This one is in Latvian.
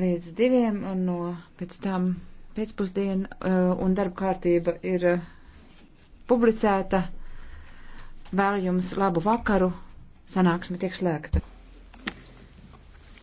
līdz diviem un no pēc tam pēcpusdiena eh, un darba kārtība ir eh, publicēta. Vēlu jums labu vakaru. Sanāksme tiek slēgta.